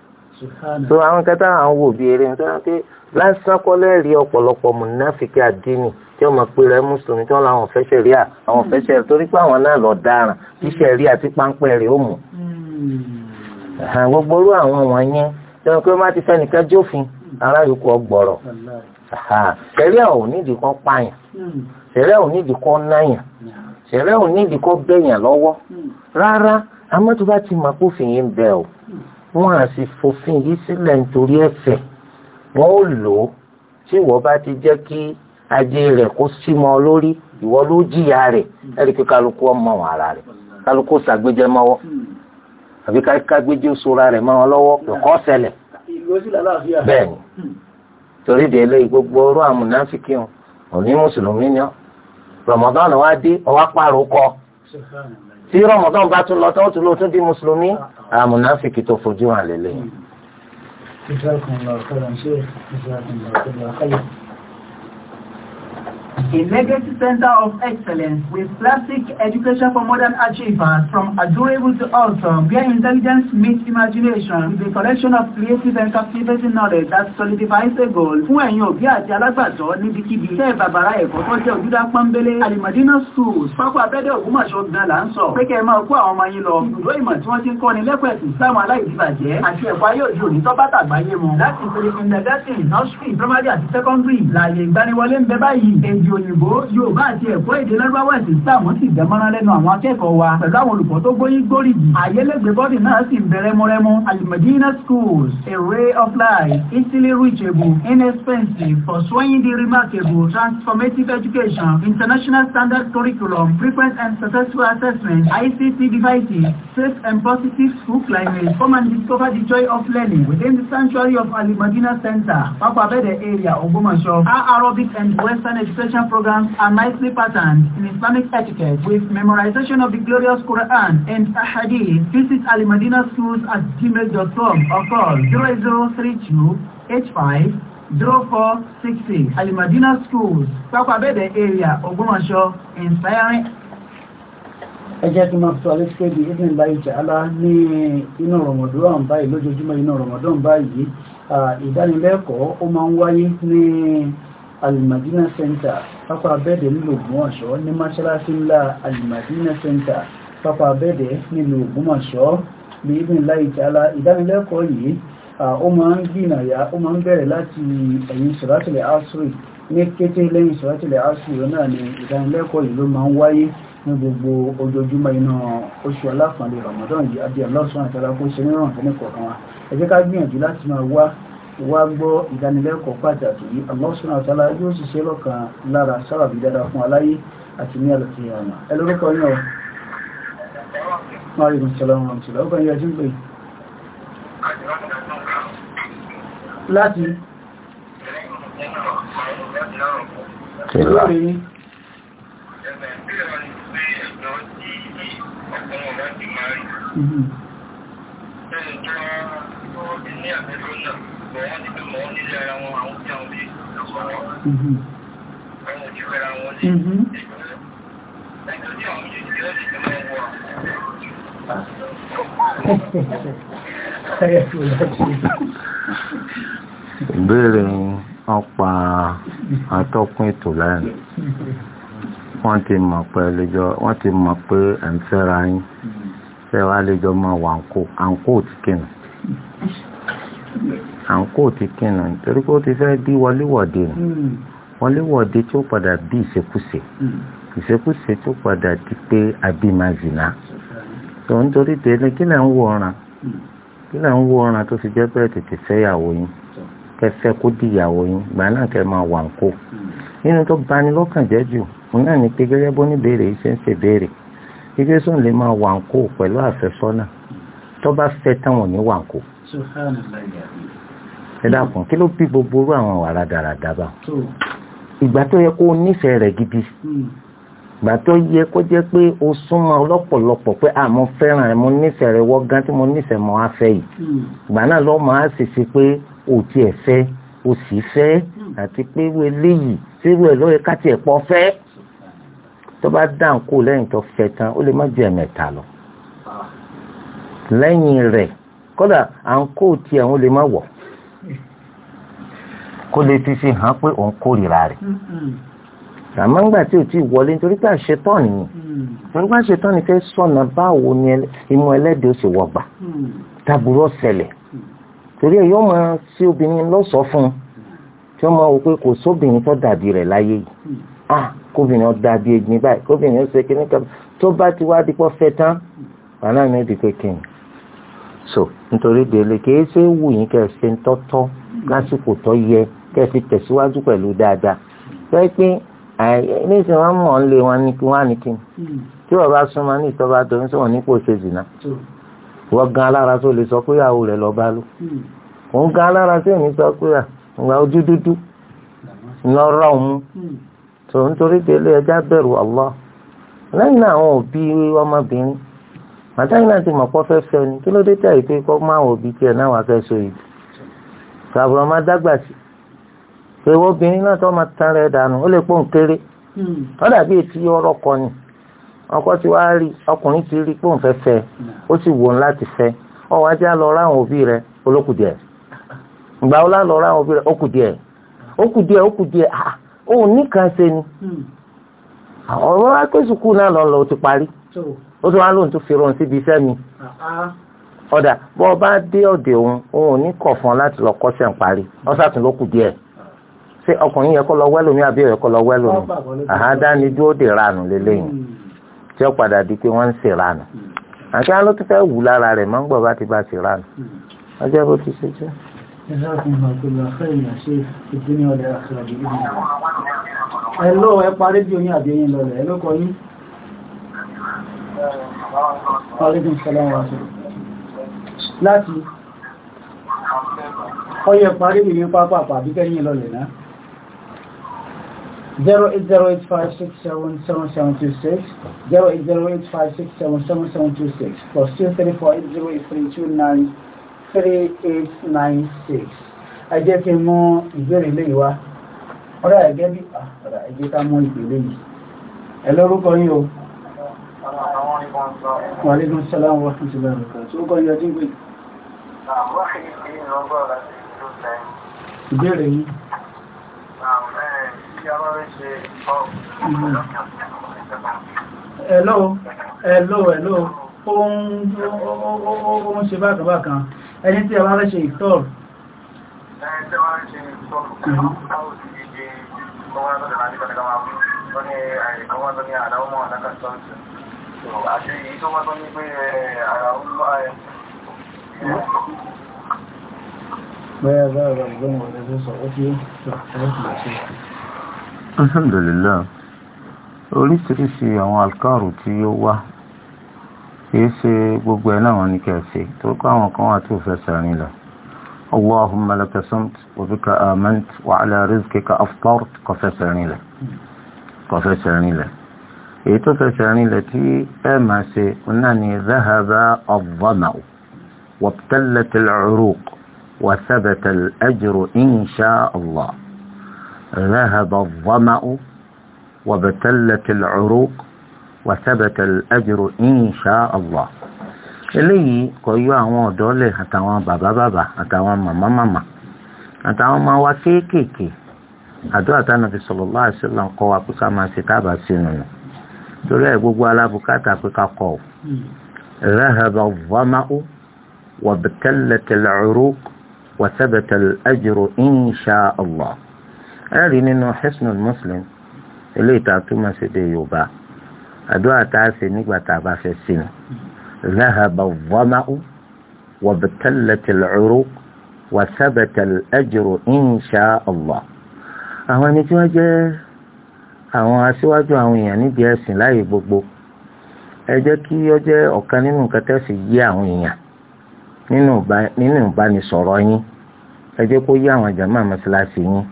so àwọn kẹta àwọn wò bí eré ń sọ pé lásán kọ́lẹ́ rí ọ̀pọ̀lọpọ̀ mùnáfíkì àdínì tí ọmọ pé rẹ mùsùlùmí tí wọn làwọn fẹ́ ṣẹ̀ríà àwọn fẹ́ ṣẹ̀ríà torí pé àwọn náà lọ dáràn kí ṣẹ̀ríà tí páńpẹ́ rẹ̀ ó mú. gbogbo orú àwọn wọ̀nyẹn tẹnu pé má ti fẹ́ nìkan jófin ará yòókù ọgbọ̀rọ̀ ṣẹ̀ríà ò nídìí kan pààyàn ṣẹ̀ríà ò nídìí kan náyàn ṣẹ̀ríà ò nídìí kan bẹ̀yàn lọ́wọ́ rárá àmọ́ tó bá ti mọ̀ pófin yìí ń bẹ o wọ́n á sì fòfin yìí sílẹ̀ nítorí ẹ̀fẹ̀ wọ́n ó lò ó tí ìwọ bá ti jẹ́ kí ajé rẹ̀ kó sí mọ́ lórí ìwọ ló jìyà rẹ̀ ẹ̀rí pé kálukú ọmọ wọn ara rẹ̀ kálukú sàgbéjẹ mọ́wọ́ àbí kágbéjẹ sora rẹ mọ́ ọ lọ́wọ́ ẹ̀kọ́ ṣẹlẹ̀ bẹ́ẹ̀ ni torí de eléyìí gbogbo ọ̀rọ̀ àmúnáfíkì hàn òní mùsùlùmí ni ọ rọmọdán wa dé ọwọ́ pààrọ̀ kọ tí rọmọdán bá tún lọ tó tún lọ tún di mùsùlùmí àmúnáfíkì tó fojú hàn lélẹ́yìn. a legacy center of excellence with classic education for modern achievers from adorable to awesome, where intelligence meets imagination with a collection of creative and captivating knowledge that solidifies a goal. Fún ẹ̀yin òbí àti alágbàtọ́ níbikíbi tẹ́ bàbàrà ẹ̀kọ́ tó jẹ́ òjúdá pọ́nbélé Alimadina Schools pápá abẹ́dẹ̀ Ògbómọ̀ṣọ́ gan là ń sọ pé kẹ́ ẹ máa kó àwọn ọmọ yín lọ ibùdó ìmọ̀ tí wọ́n ti ń kọ́ni lẹ́kọ̀ọ́ ẹ̀sìn Islam aláìdíbàjẹ́ àti ẹ̀kọ́ ayé òde òní tọ́pá tàgbáyé mu láti ìpele kindergarten nursery primary àti secondary láàyè ìgbaniwọlé ń bẹ báyìí èdè òyìnbó yorùbá àti ẹ̀kọ́ èdè lárúbáwá ẹ̀sìn islam sì dẹ́mọ́rán lẹ́nu àwọn akẹ́kọ̀ọ́ wa pẹ̀lú àwọn olùkọ́ tó gbóyìn gbóríyìn àyẹlẹ́gbẹ́ bọ́dì náà sì bẹ̀rẹ̀ mọ́rẹ́mọ́ alimadina schools a ray of life, easily reachable inexpensive pursuing the remarkable transformative education international standard curriculum frequent and successful assessment ICT devices safe and positive school climate come and discover the joy of learning within the sanctuary of alimadina center papa abẹ́dẹ̀ area Ògbómọ̀ṣọ́ our Arabic and Western education education programs are nicely patterned in Islamic etiquette with memorization of the glorious Quran and Ahadith. Visit Ali Madina schools at gmail.com or call 0032 85 0466. Al Madina schools, Papa Bede area, Ogumasho, inspiring. ẹ jẹ́ kí n máa sọ alẹ́ pé bí ibn báyìí jàálá ní iná rọ̀mọ̀dọ́n báyìí lójoojúmọ́ iná rọ̀mọ̀dọ́n báyìí ìdánilẹ́kọ̀ọ́ ó máa ń wáyé ní Al alimadina center pápá abẹ́ẹ̀dẹ̀ nílùú Ògbómọ̀ṣọ́ ní mọ́ṣáláṣí Al alimadina center pápá abẹ́ẹ̀dẹ̀ nílùú Ògbómọ̀ṣọ́ ní ibùn láìjálá ìdánilẹ́kọ̀ọ́ yìí ó máa ń gbìnàyà ó máa ń bẹ̀rẹ̀ láti ẹ̀yìn sọ̀rọ̀tìlẹ̀ asiri ní kété lẹ́yìn sọ̀rọ̀tìlẹ̀ asiri náà ni ìdánilẹ́kọ̀ọ́ yìí ló máa ń wáyé ní gbogbo ojoojúmọ́ iná oṣù alápàlẹ̀ Ramadan yìí adé Allah subhanahu wa ta'ala kó ṣe níràn fún ẹnìkọ̀ọ̀kan wa ẹ jẹ́ ká gbìyànjú láti máa wá gbọ́ ìdánilẹ́kọ̀ọ́ pàtàkì yìí Allah subhanahu wa ta'ala yóò sì ṣe lọ́kàn lára sábàbí dáadáa fún aláyé àti ní àlùkí àmà ẹ lórúkọ yín ọ márùn-ún sọlọ́run ọ̀rọ̀ sọlọ́ ọkọ̀ yín ọdún pé láti ìlàrí bọ̀ wọ́n ti bímọ wọ́n nílé ara wọn àwọn tí àwọn bí lọ́sọ̀ wọn. Àwọn òjì fẹ́ra wọn ní ẹjọ́ ètò lẹ́nu. Wọ́n ti mọ̀ pé ẹlẹ́jọ́ wọ́n ti mọ̀ pé ẹ̀ yín. Ṣé lẹ́jọ́ máa wà ń kó àǹkó òtíkìnà? àǹkó ti kìnnà nítorí ti fẹ́ bí wọléwọ̀de nù hmm. wọléwọ̀de pada bi padà bí ìṣekúṣe hmm. pada di pé abimazina tó ń torí tẹ́lẹ̀ kí lẹ́ ń wo ọ̀ràn hmm. kí lẹ́ ń wo ọ̀ràn tó fi jẹ́ pé tètè bani lọ́kàn jẹ́ jù náà ni pé gẹ́gẹ́ bó níbèrè yìí ṣe ń ṣèbéèrè ike sùn lè máa wà ń kó pẹ̀lú ẹ dákun kí ló bí gbogbo orú àwọn wàrà dáradára bá ìgbà tó yẹ kó o nífẹ̀ẹ́ rẹ̀ gidi ìgbà tó yẹ kó jẹ́ pé o súnmọ́ lọ́pọ̀lọpọ̀ pé à mo fẹ́ràn rẹ̀ mo nífẹ̀ẹ́ rẹ̀ wọ́gán tí mo nífẹ̀ẹ́ mọ́ afẹ́ yìí ìgbà náà lọ́ máa ṣèṣe pé o tiẹ̀ fẹ́ o sì fẹ́ àti pé wo eléyìí ṣé wo ẹ̀ lóye ká tiẹ̀ pọ̀ fẹ́ tó bá dáhùn kó lẹ́yìn tó fẹ́ tán ó lè má ju ẹ̀mẹ̀ta lọ lẹ́yìn rẹ̀ kódà à ń kó tiẹ̀ òun lè má wọ̀ kó lè ti fi hàn pé òun kórìíra rẹ̀ mm, mm. àmọ́ ńgbà tí ò tí wọlé nítorí pé àṣetán nìyí torí pé àṣetán ni fẹ́ sọ̀nà báwo ni imú ẹlẹ́dẹ̀ẹ́ ó sì wọgbà mm. tábùrọ̀ ṣẹlẹ̀ torí ẹ̀ yóò máa sí obìnrin lọ́sọ̀ọ́ fún tí ó máa wò pé kò sóbìnrin tó dàbí rẹ̀ láyé yìí ah kóbìnrin ó dàbí ẹ̀gbin báyìí kóbìnrin ó ṣe kíní kan tó bá ti wá dípọ̀ fẹ́ tán bàánà mi di pé kíni so nítorí délé kìí ṣe é wù yín kẹ́ ẹ ṣe ń tọ́tọ́ lásìkò tó yẹ kẹfì tẹ̀síwájú pẹ̀lú dáadáa sọ pé níṣẹ́ wọn mọ̀ ń lé wọn ní kí wọ́n á ní kí ni hmm. tí wọ́n bá súnmọ́ ní ìtọ́ba tó ń sọ̀rọ̀ nípò ṣe zìnà wọ́n gan alára tó lè sọ pé ìyàwó rẹ̀ lọ́ọ́ bá lò hmm. òun gan alára tó ní sọ pé ìgbà ojú dúdú lọ́rọ̀ òun tó hmm. ń torí délé ẹjá bẹ̀rù Allah lẹ́yìn náà àwọn òbí ọmọbìnrin màtáyìn náà ti mọ̀ pọ́ fẹ́ fẹ́ ni kí ló dé tẹ̀ pé kọ́ máa òbí tiẹ̀ náà wà fẹ́ so yìí kàbùrọ̀ má dágbà sí i èwo obìnrin náà tó máa tán rẹ̀ dànù ó lè pọ́n kéré hmm. ó dàbí ètí ọ̀rọ̀ kọ ni ọkọ ti wá rí ọkùnrin ti rí pọ́n fẹ́ fẹ́ hmm. ó sì wò ń láti fẹ́ ọwọ́ ajá lọ ra àwọn òbí rẹ̀ olókù díẹ̀ ìgbà wo lọ ra òbí rẹ̀ ókù díẹ̀ ókù díẹ̀ ókù ah, ṣe ni hmm. ọ̀rọ̀ akẹ́ sùkúù náà lọ lọ ti parí ó tún wá lóun tún fi rọrùn síbi iṣẹ́ mi ọ̀dà bọ́ ọ bá dé ọ̀dẹ̀ òun òun ò ní kọ̀ fún ọ láti lọ kọ́ṣẹ́ ń parí ọ̀sàtún ló díẹ̀. ṣé ọkùnrin yẹ kó lọ wẹ́ wẹlụ àbí ọ̀yẹ́ kó lọ wẹ́ dúró dè ranù lélẹ́yìn hmm. tí ó padà di pé wọ́n ń ṣe ranù hmm. àti àwọn ló fẹ́ wù lára rẹ̀ máa ń gbọ́ bá ti bá ṣe ranù hmm. ọjọ́ ti ṣe jẹ́. 08085677726, 08085677726, plus 2348083293896. Ẹ jẹ́ kí more mú ìbéèrè lè wá. Ọ̀rẹ́ ẹ̀gẹ́ bí ọ̀rẹ́ ẹ̀jẹ́ ká mú ìbéèrè yìí. Ẹ lórúkọ yìí o. Wa alaikum salam wa rahmatullahi wa barakatuh. Ó kọ́ yọjú gbé. Ìbéèrè yìí. Hello, hello, hello. Ó ń ṣe bákan bákan. Ẹni tí a bá rẹ̀ ṣe ìtọ́rù. Ẹni tí a bá rẹ̀ ṣe ìtọ́rù ní àìkan wá lóní àdáwó mọ́ àdáka sọ́ọ̀tì àti èyí tó wá tó ní pé ara ó lọ́ ẹ̀ Bẹ́ẹ̀ bá ẹ̀rọ ìgbọ́n ọ̀rẹ́ tó sọ ó fi ó ṣe àtẹ́lẹ́kùnlẹ̀ sí alhamdulillah oríṣiríṣi àwọn alkaru tí ó wá kìí ṣe gbogbo ẹ̀ náà ní kẹsì tó kọ́ àwọn kan wà tó fẹsẹ̀ rìn lọ allahumma laka samt wa bika amant wa ala rizqika aftart kò fẹsẹ̀ rìn lẹ̀ kò fẹsẹ̀ rìn lẹ̀ èyí tó fẹsẹ̀ rìn lẹ̀ tí ẹ máa ṣe náà ni zahaba adh-dhama'u wabtallatil 'uruq wa thabata Allah. ذهب الظمأ وبتلت العروق وثبت الأجر إن شاء الله eléyìí kò yọ àwọn ọ̀dọ́ lẹ̀ àtàwọn bàbá bàbá àtàwọn màmá màmá àtàwọn ọmọ wa kéékèèké àdúrà tánàfi sallallahu alaihi wasallam kọ́ wa kó ká máa ṣe tábà sínú nù torí ẹ̀ gbogbo alábùkátà pé ká kọ̀ ọ́ ذهب الظمأ وابتلت العروق وثبت الأجر إن شاء الله a rí nínú Hisnul Muslim eléyìí tá a túmọ̀ sí de Yorùbá àdúrà tá a ṣe nígbà tá a bá fẹ́ sínú ذهب الظمأ وابتلت العروق وثبت الأجر إن شاء الله àwọn ẹni tí wọ́n jẹ́ àwọn aṣíwájú àwọn èèyàn níbi ẹ̀sìn láàyè gbogbo ẹ jẹ́ kí ó jẹ́ ọ̀kan nínú nǹkan tẹ́sí yé àwọn èèyàn nínú ìbánisọ̀rọ̀ yín ẹ jẹ́ kó yé àwọn jàmáà mọ́sálásí yín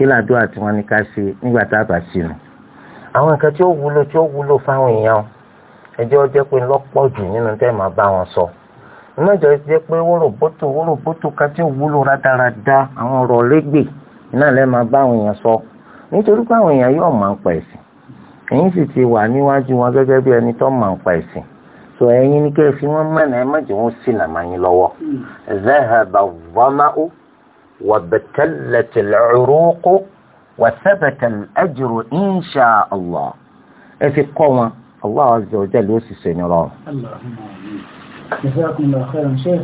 kí làdúrà tí wọ́n ní ká ṣe nígbà tá a bá sínú. àwọn nǹkan tí ó wúlò tí ó wúlò fáwọn èèyàn ẹjọ́ jẹ́ pé lọ́pọ̀ jù nínú tẹ́ máa bá wọn sọ ìmọ̀jọ jẹ́ pé wóróbótó wóróbótó ká tí ó wúlò rádaràda àwọn ọ̀rọ̀ lẹ́gbẹ̀ẹ́ iná lẹ́ máa bá àwọn èèyàn sọ nítorí pé àwọn èèyàn yóò máa ń pa ẹ̀sìn ẹ̀yin sì ti wà níwájú wọn gẹ́gẹ́ bí ẹni tó máa ń pa ẹ̀sìn sọ ẹ̀yin ní kẹ́ ẹ fi wọ́n mọ̀nà ẹ mọ̀jọ wọn sì nà máa yín lọ́wọ́ zahaba wàmáwó وبتلت العروق وثبت الأجر إن شاء الله في قوة الله عز وجل يوسي سنراه اللهم جزاكم الله خيرا شيخ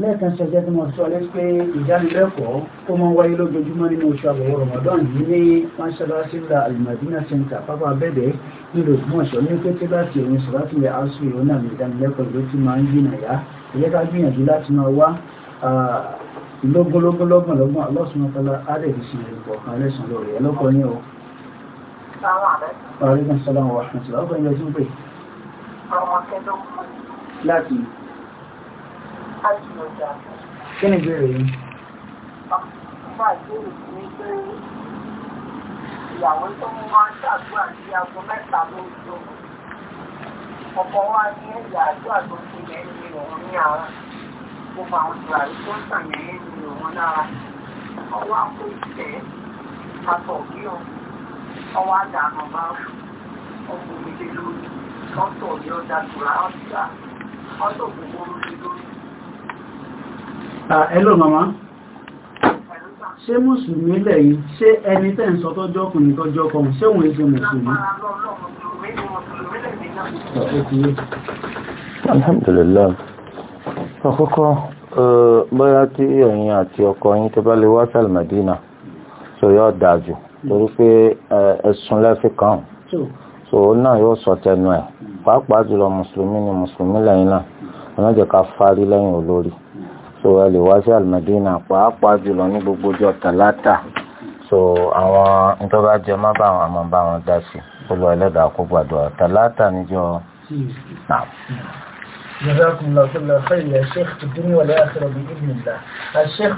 lẹ́ẹ̀kan ṣẹjẹ́ tí wọ́n sọ lẹ́pẹ́ ìdánilẹ́kọ̀ọ́ tó máa wáyé lójoojúmọ́ nínú oṣù àwòrán Ramadan yìí ní mọ́ṣáláṣí la Al-Madina Center pápá bẹ́ẹ̀dẹ̀ nílùú Ògbómọ̀ṣọ́ ní kété láti òun sọ láti ilẹ̀ asùn ìrònà ìdánilẹ́kọ̀ọ́ ló ti máa ń gbìyànjá ìyẹ́ká lọ́gbọ́lọ́gbọ́lọ́gbọ̀n lọ́sùn ọ̀tọ́lá adẹ̀bìsìn ẹ̀lọ́kọ̀ọ̀kan lẹ́sùn lórí ẹlọ́kọ̀ ní ọ. Àríkùn sọ́lọ́wọ́ ni ìbéèrè yìí? Ọmọ ní ẹ̀yà àdúrà tó ti lẹ́yìn òun ní àárọ̀. Gbogbo àwọn ìgbà tó ń tàn èèyàn wọn lára ọwọ́ àpò ìfẹ́ papọ̀ kí ọ ọwọ́ àdàmọ bá ọkùnrin méje lórí lọ́tọ̀ ní ọjà tura ọjà ọjọ́ gbogbo lórí lórí. Hello màmá ṣé mùsùlùmí lẹ́yìn ṣé ẹni tẹ́ ń sọ tọ́jọ́ ọkùnrin tọ́jọ́ ọkùnrin ṣé òun èso mùsùlùmí alhamdulillah àkọ́kọ́ bóyá tí ẹ̀yin àti ọkọ yín tó bá lè wá sàlmàdínà tó yọ dáa jù torí pé ẹ̀sùn lẹ́fì kan so òun náà yóò sọ tẹnu ẹ̀ pàápàá jùlọ mùsùlùmí ni mùsùlùmí lẹ́yìn náà ọlọ́jẹ̀ ká fárí lẹ́yìn olórí so ẹ lè wá sí àlùmọ́dínà pàápàá jùlọ ní gbogbo ọjọ́ tàlátà so àwọn nítorí ajẹ́ má bá àwọn àmọ́ bá wọn dá sí olú ẹlẹ́dàá kó gbàdúrà tàlátà níjọ́ náà. جزاكم الله كل خير يا شيخ في الدنيا والآخرة بإذن الله الشيخ